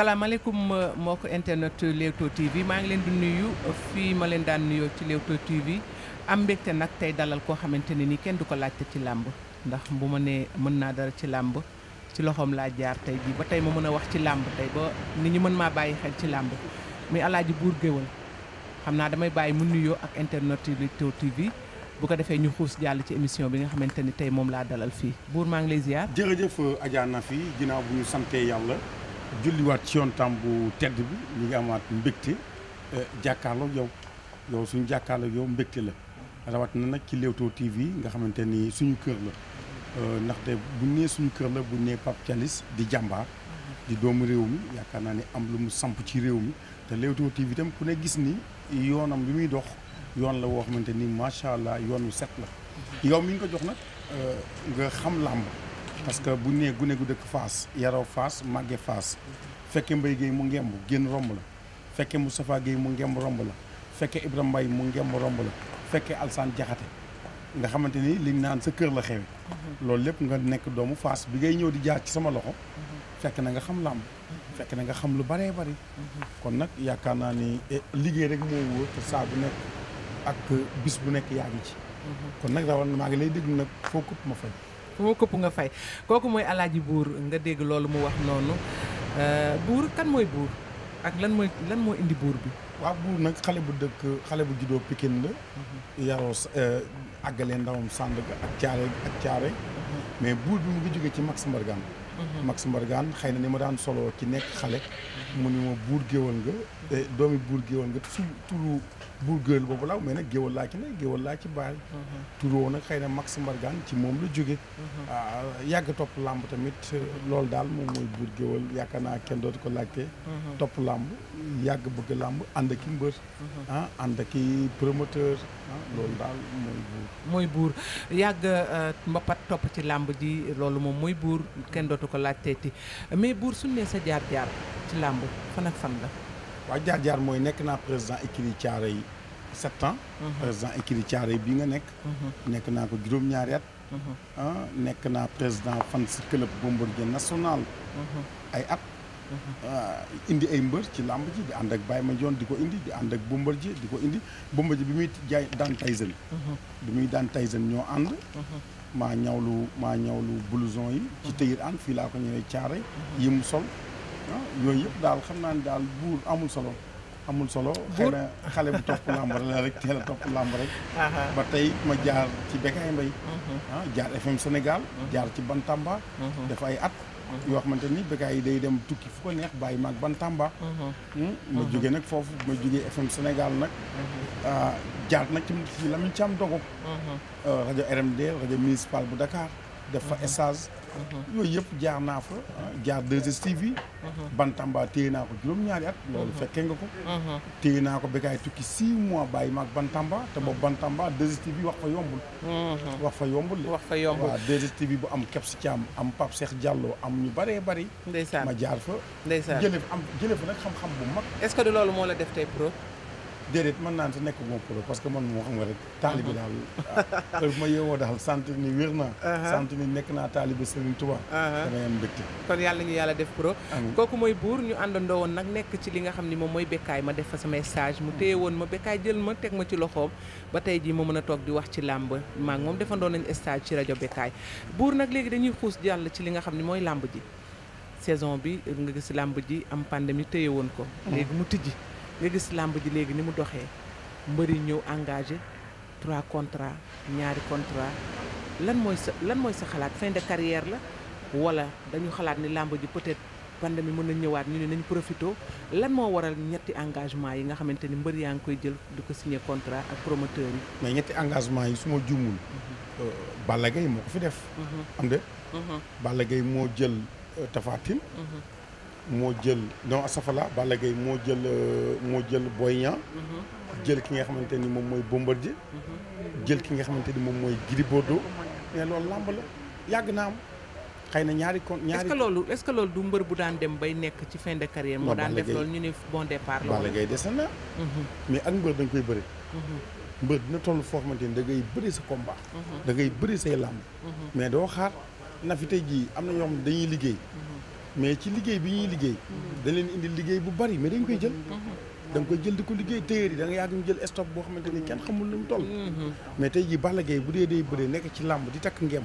salaamaaleykum ko internet Leewtoo TV maa ngi leen di nuyu fii ma leen daan nuyoo ci Leewtoo TV am mbégte nag tey dalal koo xamante ne nii kenn du ko laajte ci làmb ndax bu ma mën naa dara ci làmb ci loxoom laa jaar tey jii ba tey ma mën a wax ci làmb tey ba nit ñi mën maa bàyyi xel ci làmb muy Alaaji Buur Géwël xam naa damay bàyyi mu nuyoo ak internet Leewtoo TV bu ko defee ñu xuus jàll ci émission bi nga xamante ni tey moom laa dalal fii buur maa ngi lay ziar. jërëjëf Adja Nafi ginnaaw bu ñu santee yàlla. julliwaat ci yoon tam bu tedd bi ñu ngi amaat mbégte eh, jàkkaarloog yow yow suñu jàkkaarloog yow mbégte la rawat na nag ci Leewtoo TV nga xamante ni suñu kër la eh, ndaxte bu nee suñu kër la bu nee Pape Thialis di jàmbaar di doomu réew mi yaakaar naa ni am lu mu samp ci réew mi te Leewtoo TV tam ku ne gis ni yoonam bi muy dox yoon la woo xamante ni macha allah yoon wu set la yow mi ñu ko jox nag eh, nga xam làmb parce que bu nee gune gu dëkk Fass yaroo Fass màgge Fass fekke Mbaye Guèye mu ngemb génn romb la fekke Moustapha Guèye mu ngemb romb la fekke Ibrahima mbay mu ngemb romb la fekke Alsaan Jaxate nga xamante ni li naan sa kër la xewe mhm. loolu lépp nga nekk doomu Fass bi ngay ñëw di jaar ci sama loxo mhm. fekk na nga xam làmb mhm. fekk na nga xam lu baree bari kon nag yaakaar naa ni e, liggéey rek moo wóor te saa bu nekk ak bis bu nekk yaa ngi ci kon nag rawal maa ngi lay déglu nag foo kut ku ma këpp nga fay kooku mooy alaaji buur nga dégg loolu mu wax noonu euh, buur kan mooy buur ak lan mooy lan moo indi buur bi waaw buur nag xale bu dëkk xale bu juddoo Pikine la mhm. yaroo euh, àggalee ndawam Sandaga ak caare ak caare mhm. mais buur bi mu ngi jógee ci Max Mbargane mhm. Max Mbargane xëy na ni ma daan soloo ci nekk xale mu ni ma buur géwal nga eh, doomi buur géwal nga su bul gëral boobu laaw mais nag géwal laa ci ne géwal laa ci baal. Mhm. turoo nag xëy na Max Mbargane ci moom la jóge mhm. ah, yàgg topp làmb tamit loolu daal moom mooy buur géwal yaakaar naa kenn dootu ko laajte. Mhm. topp làmb yàgg bëgg làmb ànd ki ah, ki promoteur ah, loolu daal mooy buur. mooy buur yàgg euh, mbapat topp ci làmb ji loolu moom mooy buur kenn dootu ko laajteeti mais buur suñ nee sa jaar-jaar ci làmb fan ak fan la. waa jaar-jaar mooy nekk naa président écurie Thiaroye sept ans mhm. président écurie Thiaroye bii nga nekk mhm. nekk naa ko juróom-ñaari mhm. ah, nekk naa président fan si club Bombardier national ay at ah, indi ay mbër ci làmb ji di ànd ak Baye Mandione di ko indi di ànd ak Bombardier di ko indi Bombardier bi muy jaay daan Tyson bi muy daan Tyson ñoo ànd maa ñawlu maa ñawlu blouson yi ci tëyër ànd fii laa ko ñëwee Thiaroye yi mu sol yooyu yëpp daal xam naa ne daal buur amul solo amul solo xëy na xale bu topp làmb la rek teel a topp làmb rek ba tey ma jaar ci Bécaye Mbaye mhm. ah jaar FM Sénégal mhm. jaar ci Bantamba mhm. def ay at yoo xamante ni Bécaye yi day dem tukki fu ko neex bàyyi maag Bantamba hmm? ma jóge nag foofu ma jóge FM Sénégal nag ah, jaar nag ci ci Lamine Thiam dogo euh, rajo RMD rajo municipal bu Dakar def fa stage Mm-hmm. yooyu yëpp jaar naa fa jaar 2STV. Mm-hmm. Bantamba téye naa ko juróom-ñaari at. loolu mm-hmm. fekkee nga ko. téye naa ko ba kaay tukki 6 mois bàyyi maag Bantamba te boobu Bantamba 2STV wax fa yombul. wax fa yombul wax fa yombul waaw bu am Kebs Thiam am Pape Cheikh Diallo am ñu bëree bëri. ndeysaan ma jaar fa. ndeysaan jëlee am jëlee fa nag xam-xam bu mag. est-ce que loolu moo la def tey pro. déedéet mën naa te nekk moom pro parce que man moo xam nga rek taalibi daal waaw ma yeewoo daal sant ni wér naa uh-huh. sant ni nekk naa taalibi Serigne Touba uh-huh. damay am mbégte kon yàlla ñu yàlla def pro kooku mooy buur ñu àndandoo woon nag nekk ci li nga xam ni moom mooy bekkaay ma def fa sama stage mu téye woon ma bekkaay jël ma teg ma ci loxoom ba tey jii ma mën a toog di wax ci làmb maa moom defandoo nañ stage ci rajo bekkaay buur nag léegi dañuy xuus jàll ci li nga xam ni mooy làmb ji saison bi nga gis làmb ji am pandémie téye woon ko mm-hmm. nga gis làmb ji léegi ni mu doxee mbër mbëri ñëw engage trois contrats ñaari contrat lan mooy sa lan mooy sa xalaat fin de carrière la wala dañu xalaat ni làmb ji peut-être pandémie mën na ñëwaat ñu ne nañu profité lan moo waral ñetti engagement yi nga xamante ni mbër yaa ngi koy jël di ko signé contrat ak promoteur yi. mais ñetti engagement yi su ma juumul. Mhm. Euh, Balla Gaye moo ko fi def. Mhm. am de. Mhm. Balla Gaye moo jël euh, Tapha moo jël non asafala Balla Gaye moo jël euh, moo jël Boy Niang mm-hmm. jël ki nga xamante ni moom mooy Bombardier mm-hmm. jël ki nga xamante ni moom mooy Gris Bordeaux mm-hmm. mais loolu làmb la yàgg naa am xëy na ñaari kon ñaari. est-ce que loolu lu ce que mbër bu daan dem bay nekk ci fin de carrière moo daan def loolu ñu ne bon départ la Balla Gaye des na mais ak mbër dañ koy bëri mbër dina toll foo xamante ni da bëri sa combat da ngay bëri say làmb mais doo xaar na fi am na ñoo xam ne dañuy liggéey mais ci liggéey bi ñuy liggéey dañ indi liggéey bu bari dañ koy jël da nga koy jël di ko liggéey téyeer yi da nga yàgg ñu jël stock boo xamante ni kenn xamul lu mu toll mais tey jii Balla Gaye bu dee day bëree nekk ci làmb di takk ngeem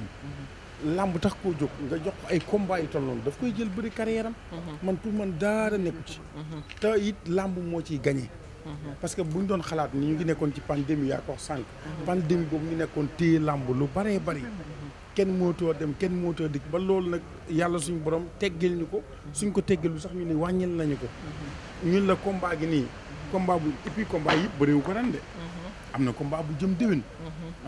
làmb tax koo jóg nga jox ko ay combat yu toll noonu daf koy jël bëri kar yaram man pour man daara nekku ci te it làmb moo ciy gagné parce que bu ñu doon xalaat ni ñu ngi nekkoon ci pandémie yaa ko wax sànq pandémie boobu ñu nekkoon téye làmb lu baree bari kenn mootoo dem kenn mootoo dikk ba loolu nag yàlla suñu boroom teggil ñu ko suñ ko teggilu sax ñu ni wàññil nañu ko ñun la combat gi nii combat bu et puis combat yëpp ko ren am na combat bu jëm déwén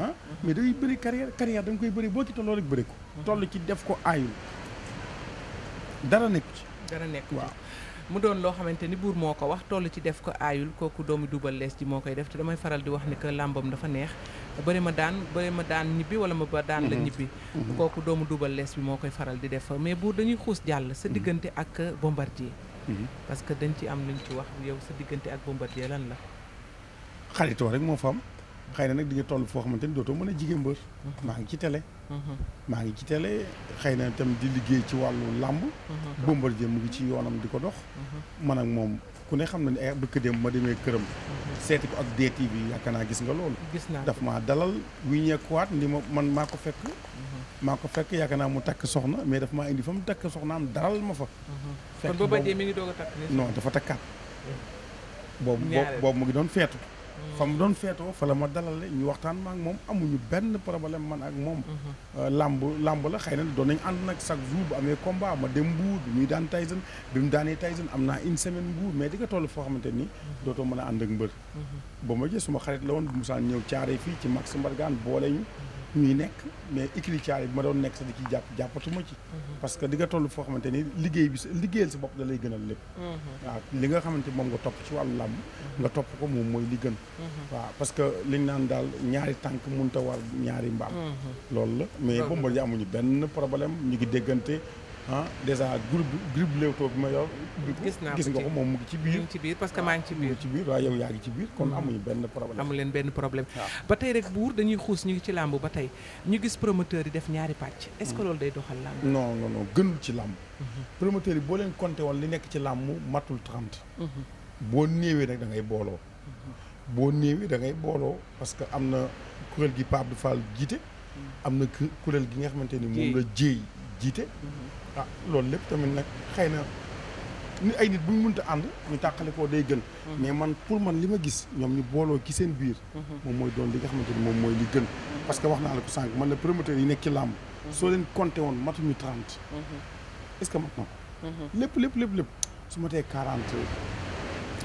ah mais day bëri carrière carrière da koy bëri boo ci tolloo rek bëri ko toll ci def ko aayul dara nekk ci dara nekk waaw mu doon loo xamante ni buur moo ko wax toll ci def ko aayul kooku doomu Double Less ji moo koy def te damay faral di wax ni que làmbam dafa neex bari ma daan bëri ma daan ñibbi wala ma ba daan la mhm. ñibbi mhm. kooku doomu Double Less bi moo koy faral di def mais buur dañuy xuus jàll sa mhm. diggante ak bombardier parce que dañ ci am lu ñu ci wax yow sa diggante ak bombardier lan la xaritoo rek moo fa am xëy na nag di nga toll foo xamante ni dootoo mën a jige mbër. Mm-hmm. maa ngi ci télé. Mm-hmm. maa ngi ci télé xay na tam di liggéey ci wàllu làmb. Mm-hmm. Bombardier mu ngi ci yoonam di ko dox. man ak moom ku ne xam na ne ay bëkk dem ma demee këram. seeti ko ak DTV bi yaakaar naa gis nga loolu. gis naa daf maa dalal wiñeekuwaat ni ma man maa ko fekk. maa ko fekk yaakaar naa mu takk soxna mais daf maa indi fa mu takk soxnaam daral ma fa. fekk boobu kon Bombardier mi ngi takk. non dafa takkaat. boobu boobu mu ngi doon feetu. fa mu doon feetoo fa la ma dalale ñu waxtaan maak moom amuñu benn problème man ak moom. Mhm. Euh, làmb làmb la xëy na doon nañ ànd nag chaque jour bu amee combat ma dem Mbour bi ñuy daan Tyson bi mu daanee Tyson am naa une semaine Mbour mais di nga toll foo xamante ni mhm. dootoo mën a ànd ak mbër. Mhm. ba ma jël suma xarit la woon bu musaan ñëw caare fii ci Max Mbargaan boole ñu. ñuy nekk mais écriture bi ma doon nekk sax di ci jàpp jàppatuma ci. parce que di nga toll foo xamante ni liggéey bi sa liggéeyal sa bopp da lay gënal lépp. Mhm. waaw li nga xamante moom nga topp ci wàllu làmb. Mhm. nga topp ko moom mooy li gën. Mhm. waaw parce que liñ naan daal ñaari tànk mënut a war ñaari mbaam. loolu la mais Bombardier amuñu benn problème ñu ngi déggante. ah dèjà groupe groupe Leewtoo bi ma yor. gis naa ko ci moom mu ngi ci biir. ci biir parce que maa ngi ci ah, biir. ci biir waaw yow yaa ngi ci biir kon mm-hmm. amuñu benn problème. amu leen benn problème ah. ba tey rek buur dañuy xuus ñu ngi ci làmb ba tey ñu gis promoteur yi def ñaari pàcc. est-ce que mm. loolu day doxal làmb. non non non gënul ci làmb. Mm-hmm. promoteur yi boo leen compté woon li nekk ci làmb matul 30. Mm-hmm. boo néewee nag da ngay booloo. boo néewee da ngay booloo parce que am na kuréel gi Pape Fall jiite. am na kuréel gi nga xamante ni moom la jéey jiite. ah loolu lépp tamit nag xëy na ni ay nit bu ñu mënta ànd ñu tàqale koo day gën. Mm-hmm. mais man pour man li ma gis ñoom ñu booloo ci seen biir. Mm-hmm. moom mooy doon li nga xamante ni moom mooy li gën. Mm-hmm. parce que wax naa la ko sànq man la promoteur yi nekk ci làmb. soo leen compté woon matuñu trente. est-ce que mat na ko. lépp lépp lépp lépp su ma tee quarante.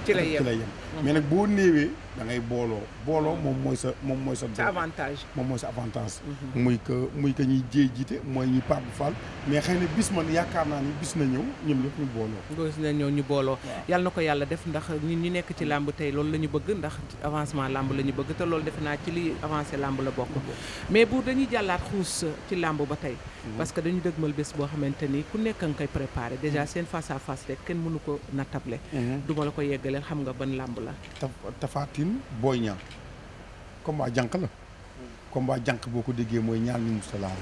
ci lay yem mais nag boo néewee. da ngay booloo booloo moom mooy sa moom mooy sa avantage moom mooy sa avantage mhm. muy que muy que ñuy jéey jiite mooy ñuy Pape Fall mais xëy na bis man yaakaar naa ni bis na ñëw ñoom ñëpp ñu booloo bis na ñëw ñu booloo yàlla na ko yàlla def ndax ñun ñu nekk ci làmb tey loolu la ñu bëgg ndax avancement làmb la ñu bëgg te loolu defe naa ci li avancé làmb la bokk mhm. mais bu dañuy jàllaat xuus ci làmb ba tey mhm. parce que dañu dëgmal bés boo xamante ni ku nekk nga koy préparé seen face à face kenn mënu ko nattable du ma la ko yeggaleel xam nga ban làmb la Tine Boy Niang combat jànq la. combat jànq boo ko déggee mooy ñaar ñu musta laal.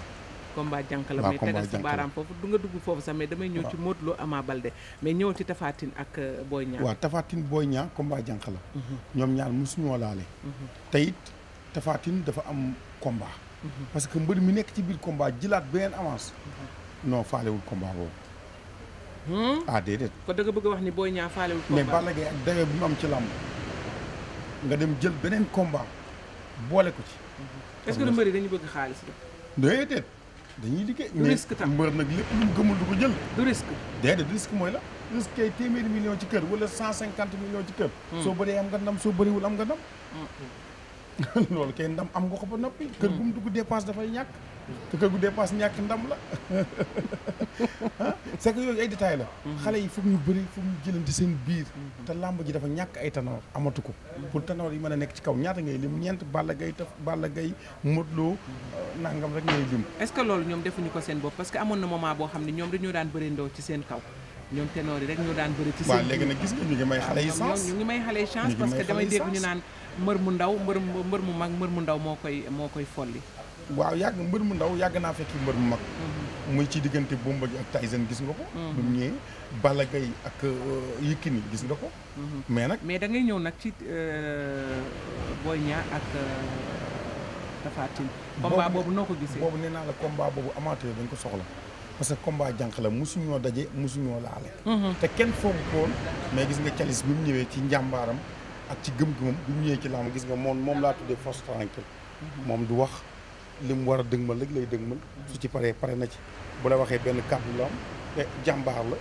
combat jànq la may tegal sa baaraam foofu du nga dugg foofu sax mais damay ñëw ci Modou Lo Ama Baldé mais ñëw ci Tapha Tine ak euh, Boy Niang. waaw Tapha la. Mhm. ñoom ñaar mosuñoo laale. Mhm. te it Tapha dafa am combat. Mhm. parce que mbër mi nekk ci biir combat jëlaat beneen avance. non faalewul combat boobu. Hmm? ah déedéet. kon da bëgg a wax ni Boy Niang faalewul combat mais Balla Gaye ak dayo bi mu am ci làmb. nga dem jël beneen combat boole ko ci. est-ce que mbër yi bëgg xaalis bi. dañuy liggéey. du risque tam mbër nag lépp lu mu gëmul du ko jël. du de déedéet risque mooy la. risque kay téeméeri million ci kër wala cent cinquante million ci kër. Hmm. soo bëree am nga ndam soo bëriwul am nga ndam. Hmm. loolu kay ndam am nga ko ba noppi. kër hmm. gu mu dugg dépense dafay ñàkk. te kër gu dépasse ñàkk ndam la ah c'est que yooyu ay détails la. Mm-hmm. xale yi foog ñu bëri foog ñu jëlante seen biir. Mm-hmm. te làmb ji dafa ñàkk ay tanoor amatu ko. Mm-hmm. pour tanoor yi mën a nekk ci kaw ñaata ngay lim ñeent Balla Balla Gaye Modou Lo euh, nangam rek ngay lim. est-ce ko seen bopp parce que amoon na moment boo xam ne ñoom dañoo daan bëri ndoo ci seen kaw. ñoom ténor yi rek ñoo daan bëri ci seen waaw léegi nag gis nga ñu ngi may xale yi chance parce que damay dégg ñu naan mbër mu ndaw mbër mbër mu mag mbër mu ndaw moo koy moo koy folli waaw yàgg mbër mu ndaw yàgg naa fekki mbër mu mag. Mm-hmm. muy ci diggante Bombardier ak Tyson gis nga ko. Mm-hmm. bu mu ñëwee Balla Gaye ak euh, ni gis nga ko. Mm-hmm. mais nag mais da ngay ñëw nag ci euh, Boy Niang ak euh, Tapha Tine. combat boobu noo ko gisee boobu nee naa la combat boobu amateur dañ ko soxla. parce que combat jànq la musuñoo daje musuñoo laale. te kenn foogu koon mais gis nga calis bi mu ñëwee ci njàmbaaram ak ci gëm-gëmam bi mu ñëwee ci ma gis nga moom moom laa tuddee force tranquille moom du wax. li mu war a dëgmal rek lay dëgmal su ci paree pare na ci bu la waxee benn kàddu la am eh, jàmbaar la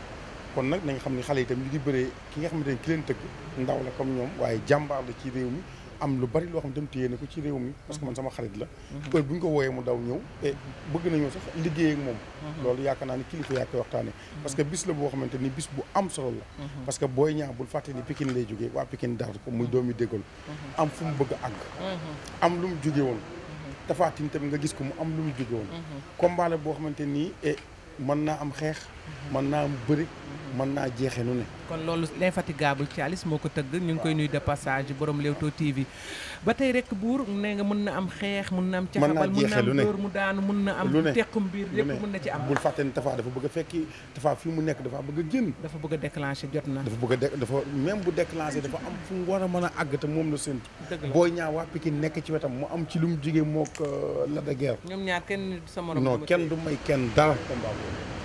kon nag nañ xam ne xale yi itam ñu ngi bëree ki nga xamante ne ki leen tëgg ndaw la comme ñoom waaye jàmbaar la ci réew mi am lu bari loo xam ne dem téye ko ci réew mi parce que la mhm. heure bu ñu ko wooyee mu daw ñëw te eh, bëgg nañoo sax liggéey ak moom mhm. loolu yaakaar naa mhm. bis la boo xamante ni bis bu am solo la parce que booy ñaa bul fàtte ni Pikine lay jógee waa Pikine dar ko muy doomi dégal am fu mu bëgg a àgg am lu mu jóge woon Tapha Tine nga gis ko mu am lu mu jóge woon mhm. combat la boo xamante nii eh, man naa am xeex mën naa bëri mën naa jeexe nu ne kon loolu l'infatigable Thialis moo ko tëgg ñu ngi koy nuy de passage borom Leewtoo TV ba tey rek buur ne nga mën na am xeex mën na am caxabal mën na am dóor mu daanu mën na am tequm biir lépp mën na ci am bul fàtte ne Tafa a fekki Tafa fii mu nekk dafa bëgg a génn dafa bëgg a a dafa même bu déclenché dafa am fu mu war a mën a àgg te moom la séntu booy ñaar waa Pikine nekk ci wetam mu am ci lu mu jigee mook euh, la de guerre ñoom ñaar kenn sa morom non kenn du may kenn dara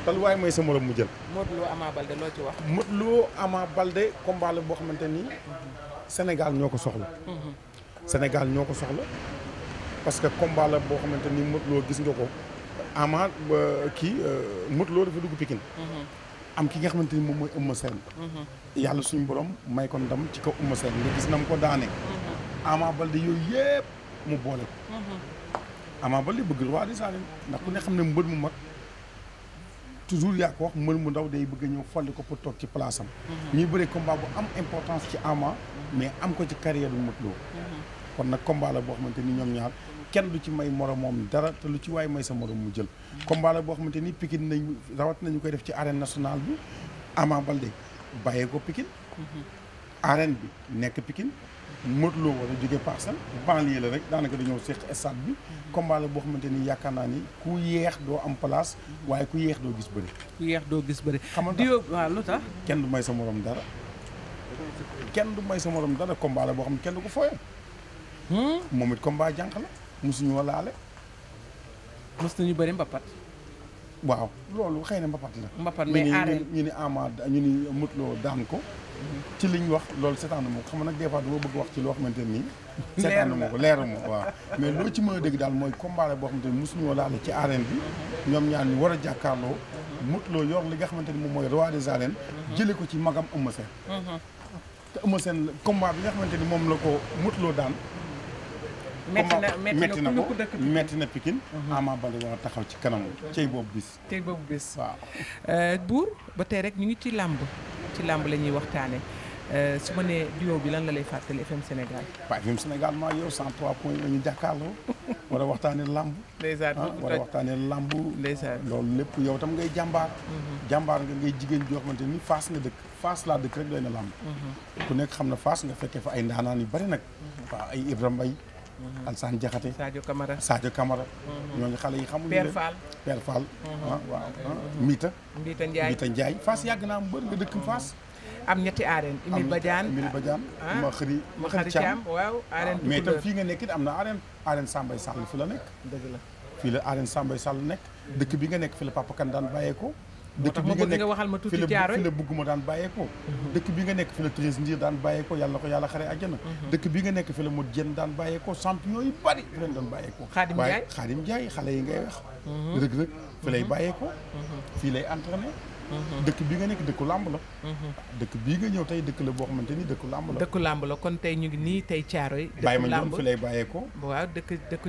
tal waaye may sa morom wala mu jël. Modou Lo loo ci Lo Ama Balde combat la boo xamante ni Sénégal ñoo ko soxla. Mhm. Sénégal ñoo ko soxla parce que combat la boo xamante ni Modou Lo gis nga ko Ama kii euh, Modou Lo dafa dugg Pikine. Mhm. am ki nga xamante ni moom mooy Eumeu Sène. Mhm. yàlla suñu borom may ko ndam ci kaw Eumeu Sène nga gis na mu ko daane. Ama Balde yooyu yëpp mu boole ko. Ama Balde bëgg roi des arènes ndax ku ne xam ne mbër mu mag. toujours yaa ko wax mbër mu ndaw day bëgg a ñëw folli ko pour toog ci place am. Mhm. ñuy bëri combat bu am importance ci Ama. Mhm. mais am ko ci carrière bu Modou Lo. Mhm. kon nag combat boo xamante ni ñoom ñaar kenn lu ci may moom dara te lu ci waay may sa morom mu jël. combat boo xamante ni Pikine nañ rawat nañu koy def ci arène nationale bi Ama Baldé bàyyee ko Pikine. arène bi nekk Pikine. Modou Lo wala jóge parcelle banlieue la rek daanaka dañoo seq stade bi combat boo xamante ni yaakaar naa ni ku yeex doo am place waaye ku yeex doo gis bëri ku yeex doo gis bëri xamal diyo waaw lu tax kenn du may sa morom dara kenn du may sa morom dara combat boo xam ne kenn du ko fooyal hmm? moom it combat jànq la mosuñu wa laale mos nañu bari mbapat waaw loolu xëy na mbapat la mbapat mais arène ñu ni Ama ñu ni Modou Lo daan ko ci liñ wax loolu seetaanu ma ko xam nga nag des fois dama bëgg wax ci loo xamante nii seetaanu ma ko leeru ma waaw mais loo ci mën a dégg daal mooy combat la boo xamante ni mosuñoo laale ci arène bi ñoom ñaar war a jàkkaarloo mutloo yor li nga xamante ni moom mooy roi des arènes jële ko ci magam Eumeu Sène mm-hmm. te Eumeu Sène combat bi nga xamante ni moom la ko mutloo daan metti na metti na ko metti na Pikine. Mhm. Ama Baldé taxaw ci kanamu. cey boobu bis. cey boobu bis waaw. Euh, buur ba tey rek ñu ngi ci làmb ci làmb la ñuy waxtaane euh, su ma nee duo bi lan la lay fàttali FM Sénégal. waaw FM Sénégal maa yow 103 point la ñu waxtaanee làmb. ndeysaan ah, war waxtaanee làmb. ndeysaan loolu lépp yow tam ngay jàmbaar. Mhm. jàmbaar nga jigéen joo xamante ni Fass nga dëkk Fass laa dëkk rek doy na làmb. Mhm. ku nekk xam na Fass nga fekkee fa ay ndaanaan yu bari nag. waaw ay Ibrahima Mhm. Alassane Diakhaté Sadio Camara Sadio Camara. Mhm. ñooñu xale yi xamul. Père Fall Père Fall. Mhm. ah waaw Mita. Ah, Mita Ndiaye Mita yàgg naa mbër nga dëkk Fass. am ñetti arène Emile Badiane Emile Badiane ah. ma xëri ma xëri Thiam waaw arène mais itam fii nga nekk am na arène arène Sambay Sall fi la nekk dëgg la fii la arène Sambay Sall nekk dëkk bi nga nekk fi la Papa Kane daan bàyyeekoo dëkk bi nga nekk nga waxal ma tuuti Thiaroye fi la bugg ma daan bàyyeekoo mhm. dëkk bi nga nekk fi la Thérèse Ndier daan bàyyeekoo yàlla ko yàlla xare àjjana mhm. dëkk bi nga nekk fi la Modou Diène daan bàyyeekoo champion yi bari fi lañ doon bàyyeekoo Khadim Ndiaye Khadim Ndiaye xale yi ngay wax mhm. rëg-rëg fi lay bàyyeekoo fii lay entraîné Mm-hmm. dëkk bii nga nekk dëkku làmb la. Mm-hmm. dëkk bii nga ñëw tey dëkk la boo xamante ni dëkku làmb la. dëkku kon tey ñu ngi nii tey Caaroy. dëkku làmb bàyyi ma fi lay bàyyeekoo. waaw dëkk dëkku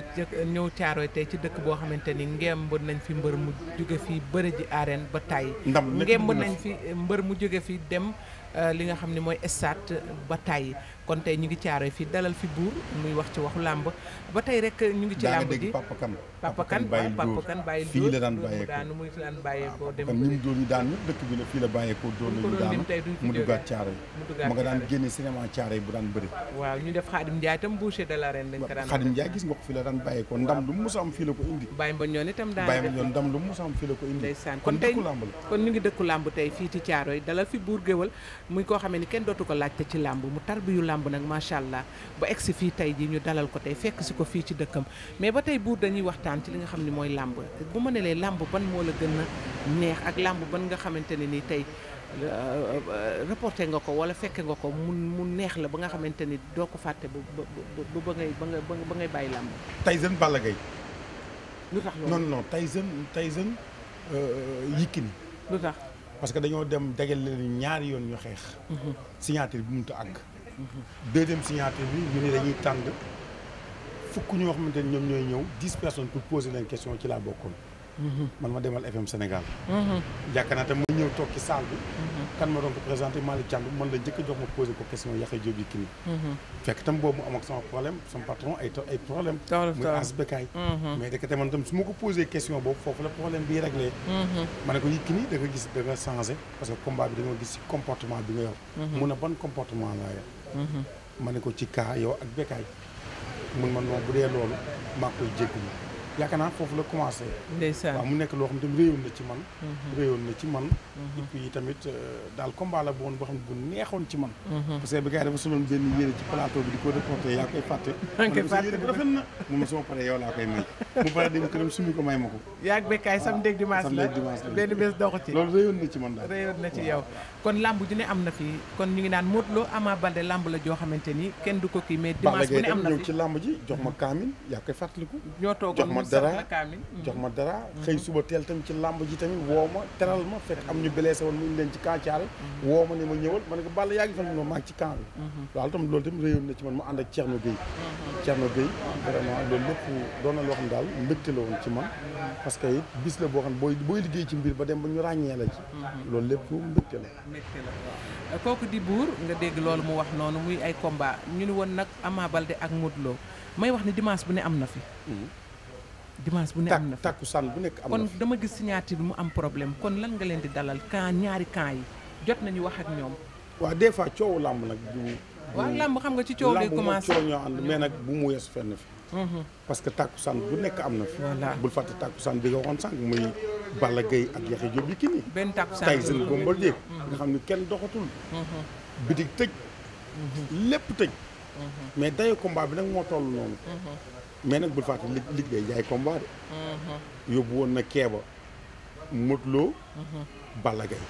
ñëw Caaroy tey ci dëkk boo xamante ni ngemb nañ fi mbër mu jóge fi bëre ji arène ba tay ndam ngemb nañ fi mbër mu jóge fi dem euh, li nga xam ni mooy stade ba tàyyi kon tey ñu ngi caare fii dalal fi buur muy wax ci waxu làmb ba tey rek ñu ngi ci làmb ji papa kan papa kan papa kan bàyyil fii la daan bàyyeekoo daanu muy daan bàyyeekoo dem ñi mu doon ñu daan ñëpp dëkk bi la fii la bàyyeekoo doon lañu daanu mu duggaat caare yi ma nga daan génne cinéma caare yi bu daan bëri waaw ñu def xaadim njaay tam boucher de la reine dañ ko daan xaadim njaay gis nga ko fii la daan bàyyeekoo ndam lu mu mos a am fii la ko indi bàyyi mba ñoon itam daan bàyyi mba ñoon ndam lu mu mos a am fii la ko indi ndeysaan kon tey kon ñu ngi dëkku làmb tey fii ci caaro yi dalal fi buur géwal muy koo xamee ni kenn dootu ko laajte ci làmb mu tarbiyu làmb làmb nag macha allah ba egsi fii tey ji ñu dalal ko tey fekk si ko fii ci dëkkam mais ba tey buur dañuy waxtaan ci li nga xam ne mooy làmb bu ma ne lee làmb ban moo la gën a neex ak làmb ban nga xamante ne nii tey euh, reporté nga ko wala fekke nga ko mun mu neex la ba nga xamante ni doo ko fàtte ba ba ba ngay ba nga ba ngay bàyyi làmb. Tyson Balla Gaye. lu tax loolu non non Tyson Tyson euh, Yékini. lu tax parce que dañoo dem dajale leen ñaari yoon ñu xeex. Mhm. signature bi mënut àgg. deuxième signature bi ñu fukk ñoo xamante ñoom ñooy ñëw dix personnes pour poser leen question ci laa bokkoon. man ma demal FM Sénégal. yaakaar naa tam ma ñëw toog ci salle bi. kan ma doon ko présenté Malick Thiam man la njëkk a jox ma posé ko question Yaxe Diop Yékini. fekk tam boobu mu am ak sama problème sama patron ay problème. muy as bekaay. Mhm. mais dëkk tam man tam su ma ko posé question boobu foofu la problème bi réglé. Mhm. ma ne ko Yékini da nga gis da nga changé parce que combat bi da nga gis si comportement bi nga yor. Mhm. mun a ban comportement laa yor. ma ne ko ci kaa yow ak Bécaye mun ma non bu dee loolu maa koy jégalu yaakaar naa foofu la commencé. ndeysaan waaw mu nekk loo xam ne réewoon na ci man. Mhm. réewoon na ci man. Mhm. et puis tamit euh, daal combat la xam ne bu neexoon ci man. Mhm. parce que Bécaye dafa soloon benn yére ci plateau bi di ko reporté yaa koy yaa koy fàtte man mos a bu rafet na. moom soo paree yow laa koy may. mu pare dem këram suñu ko may ma ko. yaa bekkaay samedi ak la benn bés doxu ci. loolu réyoon na ci man daal réyoon na ci ngi naan Modou Lo Ama Baldé lamb la joo xamante ni kenn du ko kii mais. dimanche am na fi ñëw ci lamb jox ma kaamin yaa koy fàttaliku. ñoo toogoon mu sax la mm-hmm. jox ma dara mm-hmm. xëy suba teel tamit ci lamb ji tamit woo ma teral ma fekk am ñu woon mu leen ci camp caare. Mm-hmm. woo ne ma ma ne yaa ngi fan noonu maa ngi ci camp bi. loolu tam loolu tam réyoon na man mu ànd ak Thierno Gueye. Thierno Gueye vraiment loolu lépp doon loo xam daal daal mbégte la woon ci man parce que it bis la boo xam booy booy liggéey ci mbir ba dem ba ñu ràññee la ci mhm. loolu lépp mbégte la mbégte la kooku di buur nga dégg loolu mu wax noonu muy ay combat ñu ni woon nag Ama Baldé ak Modou Lo may wax ni dimanche bu ne am na fi mhm. dimanche bu ne am na fi takkusaan bu nekk am na fi kon dama gis signature bi mu am problème kon lan nga leen di dalal camp ñaari camp yi jot nañu wax ak ñoom waa des fois coowu làmb nag du waaw làmb xam nga ci coow lay commencé làmb coow ñoo ànd mais nag fi parce que tàkkusaan bu nekk am na fi. bul fàtte tàkkusaan bi nga waxoon sànq muy Balla Gaye ak Yaxya Jóob Yékini. benn tay seen Bombardier nga xam ne kenn doxatul. bitig tëj. lépp tëj. mais dayo combat bi nag moo toll noonu. mais nag bul fàtte lig lig day jaay combat de. yóbbu woon na Keeba Modou Balla Gaye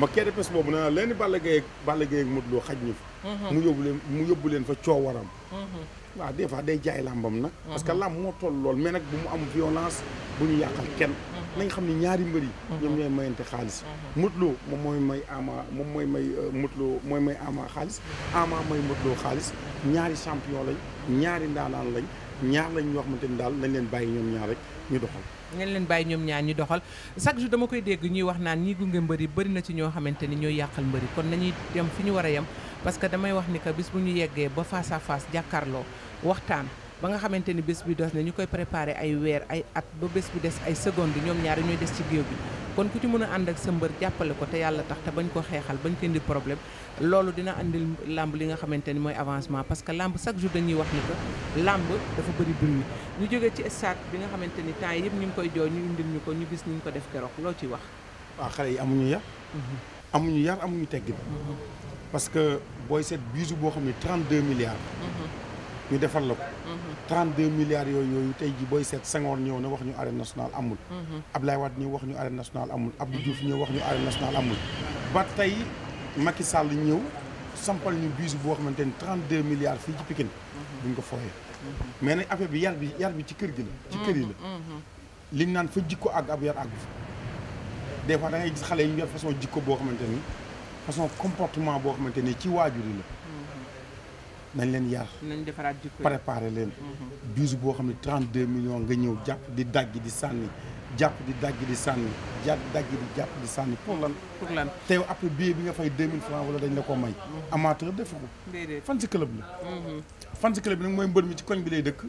ma kii dépes boobu na leen di Balla Gaye ak Balla Gaye xaj ñu mhm. mu yóbbu leen mu yóbbu leen fa coowaram mhm. waaw des fois day jaay làmbam nag mhm. parce que làmb moo toll lool mais nag bu mu am violence bu ñu yàqal kenn nañ xam ne ñaari mbër yi ñoom ñooy mayante xaalis Modou Lo moom mooy may Ama moom mooy may euh, Modou Lo mooy may Ama xaalis Ama may Modou xaalis ñaari champion lañ ñaari ndaanaan lañ ñaar lañu ñoo xamante ni daal nañ leen bàyyi ñoom ñaar rek ñu doxal nañ leen bàyyi ñoom ñaar ñu doxal chaque jour dama koy dégg ñuy wax naan ñi gunge mbër yi bëri na ci ñoo xamante ni ñooy yàqal mbëri yi kon nañuy dem fi ñu war a yem parce que damay wax ni que bis bu ñu yeggee ba face à face jàkkaarloo waxtaan ba nga xamante ni bés bi des na ñu koy préparé ay weer ay at ba bés bi des ay secondes ñoom ñaari ñooy des ci géew bi kon ku ci mën a ànd ak sa mbër jàppale ko te yàlla tax te bañ koo xeexal bañ ko indi problème loolu dina andil làmb li nga xamante ni mooy avancement parce que làmb chaque jour dañuy wax ni que làmb dafa bëri bruit ñu jógee ci stade bi nga xamante ni temps yëpp ñu ngi koy jooy ñu indil ñu ko ñu gis ñu ko def keroog loo ciy wax. waaw xale yi amuñu yar. Mhm. amuñu yar amuñu teggin. Mhm. parce que booy seet bisu boo xam ne 32 milliards. Mhm. ñu defal la ko. 32 milliards yooyu yooyu tey ji booy seet Senghor ñëw na wax ñu arène nationale amul. Abdoulaye Wade wax ñu arène nationale amul Abdou Diouf ñëw wax ñu arène nationale amul. ba tey Macky Sall ñëw sampal ñu biisu boo xamante ni 32 milliards fii ci Pikine. duñ ko fooyee. mais nag affaire bi yar bi yar bi ci kër gi la. ci kër yi la. liñ naan fa jikko àgg ab yar àgg fa. des fois da ngay gis xale yi ñu yor façon jikko boo xamante ni façon comportement boo xamante ni ci waajur yi nañ leen yar nañ defaraat jikko préparé leen mm-hmm. bisu boo xam ne 32 millions nga ñëw jàpp di dagg di sànni jàpp di dagg di sànni ja dagg di jàpp di sànni pour lan pour lan teew après billet bi nga fay 2000 francs wala dañ la ko may mm-hmm. amateur defu ko fan si club la mm-hmm. fan si club bi nag mooy mbër mi ci koñ bi lay dëkk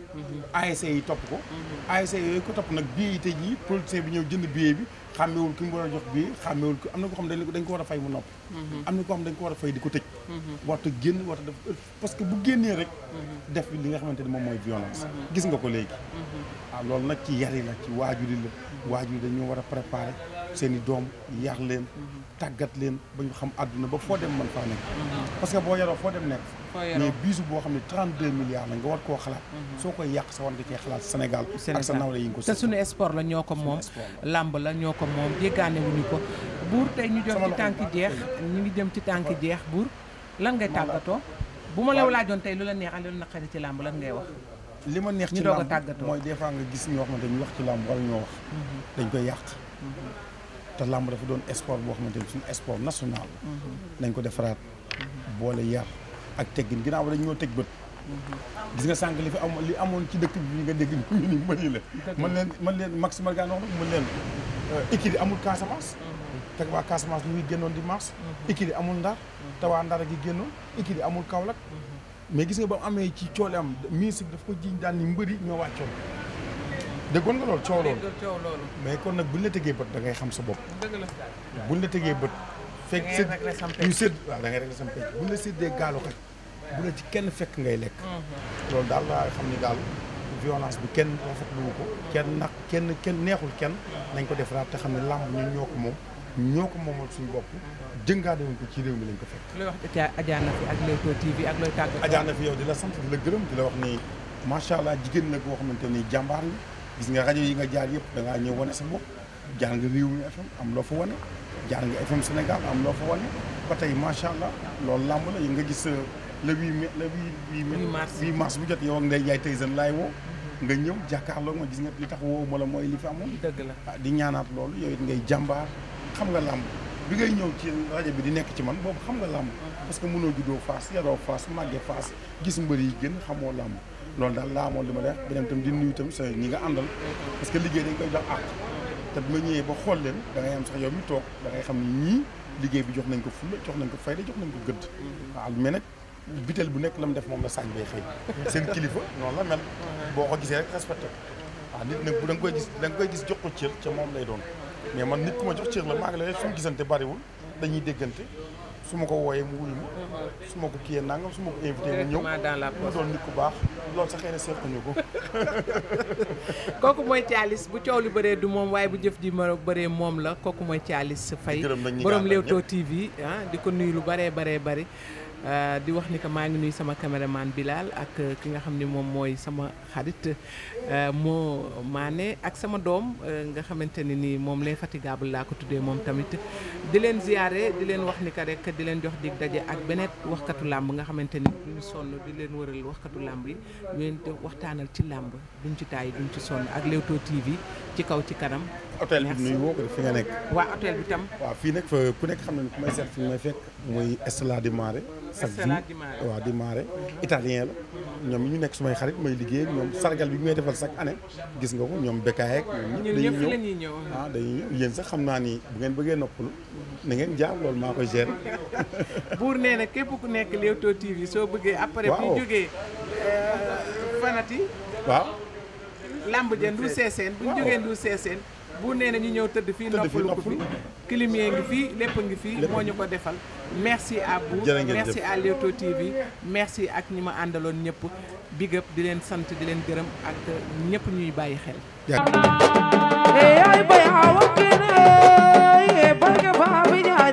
ASC yi topp ko ASC yooyu ko topp nag billet yi tey jii politicien bi ñëw jënd billet bi xàmmewul ki mu war a jox bii xàmmewul ki am na ko xam dañ dañ ko war a fay mu nopp mhm. am na ko xam dañ ko war a fay di ko tëj mhm. warta génn warta def parce que bu génnee rek mhm. def li nga xamante ni moom mooy violence gis nga ko léegi ah loolu nag ci yari la ci waajuri la waajuri dañoo war a préparer seen i doom yar leen tàggat leen ba ñu xam àdduna ba foo dem mën faa nekk parce que boo yaroo foo dem nekk mais biisu boo xam ne 32 milliards la nga war koo xalaat mhm. soo koy yàq sa war nga cee xalaat Sénégal ak sa nawle yi nga ko te suñu sport la ñoo ko moom làmb la ñoo ko moom jéggaane wuñu ko buur tey ñu jot ci tànk jeex ñu ngi jëm ci tànk jeex buur la ngay tàggatoo bu ma la laajoon tey lu la neex ak lu la naqari ci làmb lan ngay wax li ma neex ci làmb mooy des fois nga gis ñoo xamante ñu wax te làmb dafa doon sport boo xamante ni suñu sport national mm-hmm. nañ ko defaraat mm-hmm. boole yar ak teggin ginnaaw dañ ñoo teg bët mm-hmm. gis nga sànq li fi amoon li amoon ci dëkk bi nga dégg ñu ni mbëri la mën leen man leen Max Mbargane wax na mën leen équipe euh, amul Casamance te waa Casamance ñu ngi génnoon di mars équipe amul Ndar te waa Ndar gi génnoon équipe amul Kaolack mais gis nga ba amee ci coole am musique daf ko jiñ daan ni mbëri ñoo wàccoon déggoon nga loolu coow loolu mais kon nag ñu la tegee bët da ngay xam sa bopp. dëgg la buñ la tegee bët. fekk sëd ñu sëd waaw da ngay rek la sam séddee gaalu xaj bu kenn fekk ngay lekk. Mhm. loolu daal laa xam ni daal bi kenn rafetlu ko kenn nag kenn kenn neexul kenn nañ ko defaraat te xam ne làmb ñu ñoo ko moom ñoo ko moomal suñu bopp jëngaade woon ko ci réew mi lañ ko fekk. looy wax ci Adja Nafi ak Leewtoo TV ak looy yow di la sant di la gërëm di la wax ni macha allah jigéen nag boo xamante ni jàmbaar la gis nga rajo yi nga jaar yëpp da ngaa ñëw wane sa bopp jaar nga réew mi FM am loo fa wane jaar nga FM Sénégal am loo fa wane ba tey macha allah loolu làmb la yi nga gis euh, la huit mai le huit huit mars bu jot yow ak Ndeye Ndiaye Tyson laay woo nga ñëw jàkkaarloo ma gis nga li tax woo ma la mooy li fi amoon dëgg la ah di ñaanaat loolu yow it ngay jàmbaar xam nga làmb bi ngay ñëw ci rajo bi di nekk ci man boobu xam nga làmb mm-hmm. parce que mënoo juddoo Fass yaroo Fass màggee Fass gis mbër yi gën xamoo làmb loolu daal laa amoon li ma def beneen itam di nuyu itam sa ñi nga àndal parce que liggéey dañ koy jox àq te bu ma ñëwee ba xool leen da ngay am sax yow mi toog da ngay xam ni ñii liggéey bi jox nañ ko fulla jox nañ ko fayda jox nañ ko gëdd waaw mais nag bitel bu nekk la mu def moom la sañ bay fay seen kilifa noonu la mel boo ko gisee rek respecté waaw nit nag bu da koy gis danga koy gis jox ko cër ca moom lay doon mais man nit ku ma jox cër la maa ngi lay suñu gisante bariwul dañuy déggante su ma ko wooyee mu wuyu ma mhm. su ma ko kiyee nangam su ma ko invité mu ñëw mu doon nit ku baax loolu sax xëy na seetuñu ko kooku mooy Thialis bu coow li bëree du moom waaye bu jëf ji ma bëree moom la kooku mooy Thialis Faye borom Leewtoo TV ah di ko nuyu lu baree bare bari Euh, di wax ni que maa ngi nuy sama caméraman Bilal ak euh, ki nga xam ni moom mooy sama xarit euh, moo maane ak sama doom nga xamante ne ni moom l'infatigable laa ko tuddee moom tamit di leen ziyaare di leen wax ni que rek di leen jox dig daje ak beneen waxkatu làmb nga xamante ni duñu sonn di leen wëral waxkatu làmb yi ñu leen waxtaanal ci làmb duñ ci taay duñ ci sonn ak Leewtoo TV ci kaw ci kanam hôtel bi nuyu woo ko fi nga nekk. waa hôtel bi tam. waaw fii nag fa ku nekk xam nañu ku may seet fi may fekk. muy Estella Di Mare. Estella Di Mare italien la. ñoom ñu nekk su sumay xarit may liggéey ñoom sargal bi ñu may defal chaque année. gis nga ko ñoom Bekkaay ak ñoom ñëpp dañuy ñëw ah dañuy ñëw yéen sax xam naa ni bu ngeen bëggee noppalu. na ngeen jaar loolu maa koy gérer. buur nee na képp ku nekk Leewtoo TV soo bëggee. après bu ñu jógee euh, fanati. waaw. bu nee na ñu ñëw tëdd fii noppalu ko fi climier ngi fii lépp ngi fii moo ñu ko defal merci à vous merci à Leewtoo TV merci ak ñi ma àndaloon ñëpp big up di leen sant di leen gërëm ak ñëpp ñuy bàyyi xel yaay bay awa kene